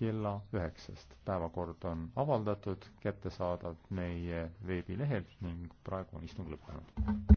kella üheksast. päevakord on avaldatud, kättesaadav meie veebilehel ning praegu on istung lõppenud.